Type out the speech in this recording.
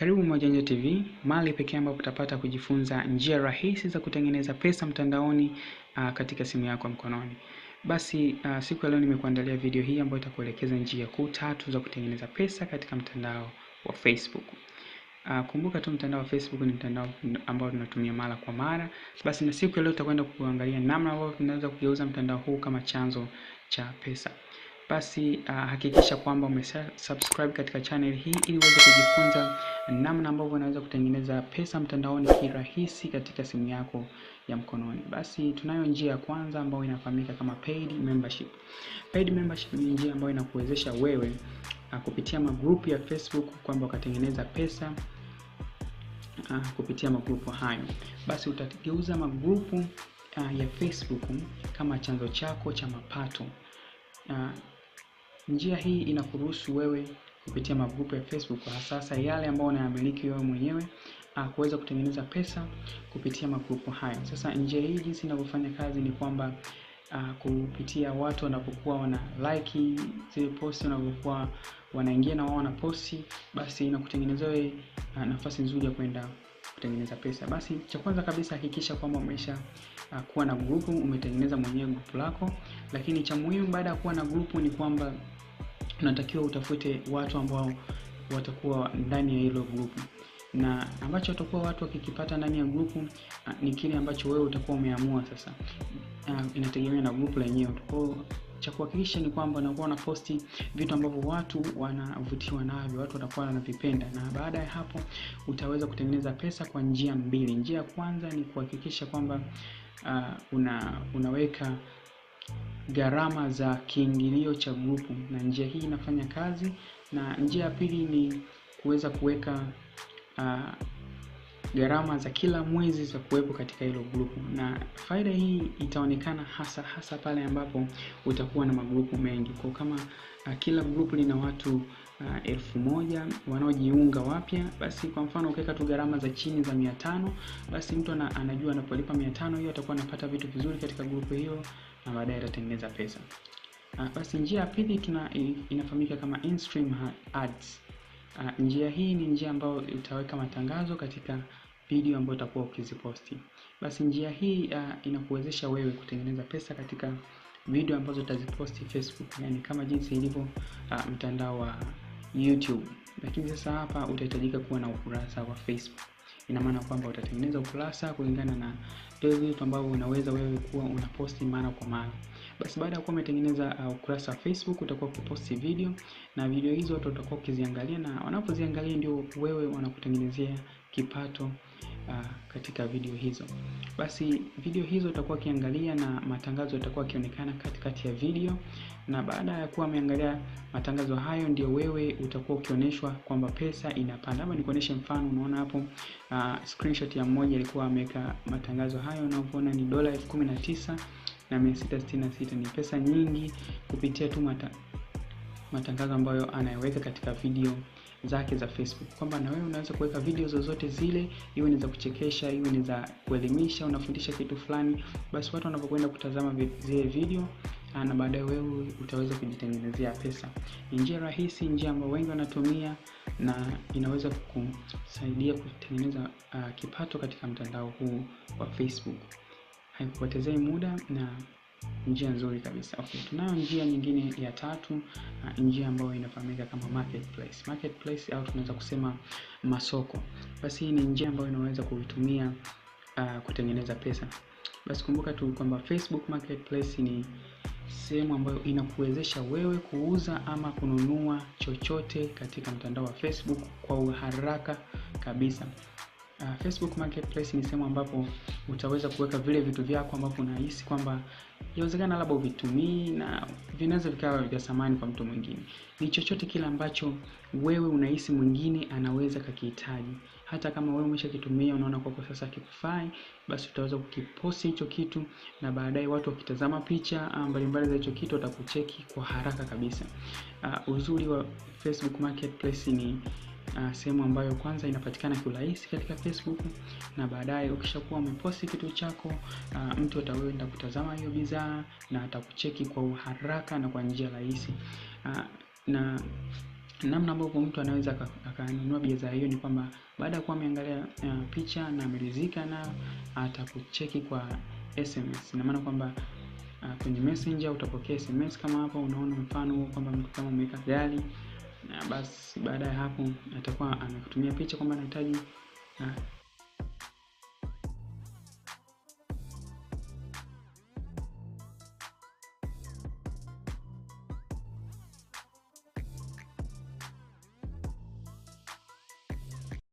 Karibu Mwajanja TV, mahali pekee ambapo utapata kujifunza njia rahisi za kutengeneza pesa mtandaoni uh, katika simu yako mkononi. Basi uh, siku ya leo nimekuandalia video hii ambayo itakuelekeza njia kuu tatu za kutengeneza pesa katika mtandao wa Facebook. Uh, kumbuka tu mtandao wa Facebook ni mtandao ambao tunatumia mara kwa mara. Basi na siku ya leo tutakwenda kuangalia namna ambavyo tunaweza kugeuza mtandao huu kama chanzo cha pesa. Basi uh, hakikisha kwamba umesubscribe katika channel hii ili uweze kujifunza namna ambavyo unaweza kutengeneza pesa mtandaoni kirahisi katika simu yako ya mkononi. Basi tunayo njia ya kwanza ambayo inafahamika kama paid membership. Paid membership ni njia ambayo inakuwezesha wewe ah, kupitia magrupu ya Facebook kwamba ukatengeneza pesa uh, kupitia magrupu hayo. Basi utageuza magrupu uh, ya Facebook kama chanzo chako cha mapato. Uh, njia hii inakuruhusu wewe kupitia magrupu ya Facebook kwa sasa yale ambayo unayamiliki wewe mwenyewe ah, kuweza kutengeneza pesa kupitia magrupu hayo. Sasa njia hii jinsi inavyofanya kazi ni kwamba uh, kupitia watu wanapokuwa wana like zile posti wanapokuwa wanaingia na wao wana posti, basi inakutengenezea wewe uh, nafasi nzuri ya kwenda kutengeneza pesa. Basi cha kwanza kabisa hakikisha kwamba umesha uh, kuwa na grupu, umetengeneza mwenyewe grupu lako. Lakini cha muhimu baada ya kuwa na grupu ni kwamba unatakiwa utafute watu ambao watakuwa ndani ya hilo grupu na ambacho watakuwa watu wakikipata ndani ya grupu ah, ni kile ambacho wewe utakuwa umeamua sasa uh, inategemea na grupu lenyewe kwao cha kuhakikisha ni kwamba unakuwa na posti vitu ambavyo watu wanavutiwa navyo watu watakuwa wanavipenda na baada ya hapo utaweza kutengeneza pesa kwa njia mbili njia ya kwanza ni kuhakikisha kwamba uh, una, unaweka gharama za kiingilio cha grupu, na njia hii inafanya kazi. Na njia ya pili ni kuweza kuweka uh, gharama za kila mwezi za kuwepo katika hilo grupu, na faida hii itaonekana hasa hasa pale ambapo utakuwa na magrupu mengi. Kwa kama uh, kila grupu lina watu uh, elfu moja wanaojiunga wapya, basi kwa mfano ukiweka tu gharama za chini za mia tano, basi mtu anajua anapolipa mia tano hiyo atakuwa anapata vitu vizuri katika grupu hiyo na baadaye atatengeneza pesa. Uh, basi njia ya pili tuna inafahamika kama in stream ads. Uh, njia hii ni njia ambayo utaweka matangazo katika video ambayo utakuwa ukiziposti. Basi njia hii uh, inakuwezesha wewe kutengeneza pesa katika video ambazo utaziposti Facebook, yani kama jinsi ilivyo uh, mtandao wa YouTube, lakini sasa hapa utahitajika kuwa na ukurasa wa Facebook ina maana kwamba utatengeneza ukurasa kulingana na vile vitu ambavyo unaweza wewe kuwa unaposti mara kwa mara. Basi baada ya kuwa umetengeneza uh, ukurasa wa Facebook utakuwa ukiposti video na video hizo watu watakuwa ukiziangalia, na wanapoziangalia ndio wewe wanakutengenezea kipato uh, katika video hizo. Basi video hizo utakuwa ukiangalia na matangazo yatakuwa yakionekana katikati ya video, na baada ya kuwa ameangalia matangazo hayo, ndio wewe utakuwa ukionyeshwa kwamba pesa inapanda. Hapa nikuoneshe mfano, unaona hapo uh, screenshot ya mmoja alikuwa ameweka matangazo hayo, unaona ni dola elfu kumi na tisa na mia sita sitini na sita. Ni pesa nyingi kupitia tu mata, matangazo ambayo anayeweka katika video zake za Facebook, kwamba na wewe unaweza kuweka video zozote zile, iwe ni za kuchekesha, iwe ni za kuelimisha, unafundisha kitu fulani, basi watu wanapokwenda kutazama zile video ah, na baadaye wewe utaweza kujitengenezea pesa. Ni njia rahisi, njia ambayo wengi wanatumia na inaweza kusaidia kutengeneza uh, kipato katika mtandao huu wa Facebook. Haikupotezei muda na njia nzuri kabisa. Okay, tunayo njia nyingine ya tatu, uh, njia ambayo inafahamika kama marketplace. Marketplace au tunaweza kusema masoko. Basi hii ni njia ambayo inaweza kuitumia uh, kutengeneza pesa. Basi kumbuka tu kwamba Facebook Marketplace ni sehemu ambayo inakuwezesha wewe kuuza ama kununua chochote katika mtandao wa Facebook kwa uharaka kabisa. Uh, Facebook Marketplace ni sehemu ambapo utaweza kuweka vile vitu vyako ambavyo unahisi kwamba yawezekana labda uvitumii na vinaweza vikawa vya samani kwa mtu mwingine. Ni chochote kile ambacho wewe unahisi mwingine anaweza kakihitaji, hata kama wewe umeshakitumia unaona kwako sasa akikufai basi utaweza kukiposti hicho kitu, na baadaye watu wakitazama picha ah, mbalimbali za hicho kitu watakucheki kwa haraka kabisa. Uh, uzuri wa Facebook Marketplace ni uh, sehemu ambayo kwanza inapatikana kiurahisi katika Facebook, na baadaye ukishakuwa umeposti kitu chako uh, mtu ataenda kutazama hiyo bidhaa na atakucheki kwa uharaka na kwa njia rahisi uh, na namna ambavyo mtu anaweza akanunua bidhaa hiyo ni kwamba baada ya kuwa ameangalia uh, picha na ameridhika, na atakucheki kwa SMS. Ina maana kwamba uh, kwenye messenger utapokea SMS kama hapa unaona mfano kwamba mtu kama umeweka gari na basi baada ya hapo atakuwa amekutumia picha kwamba anahitaji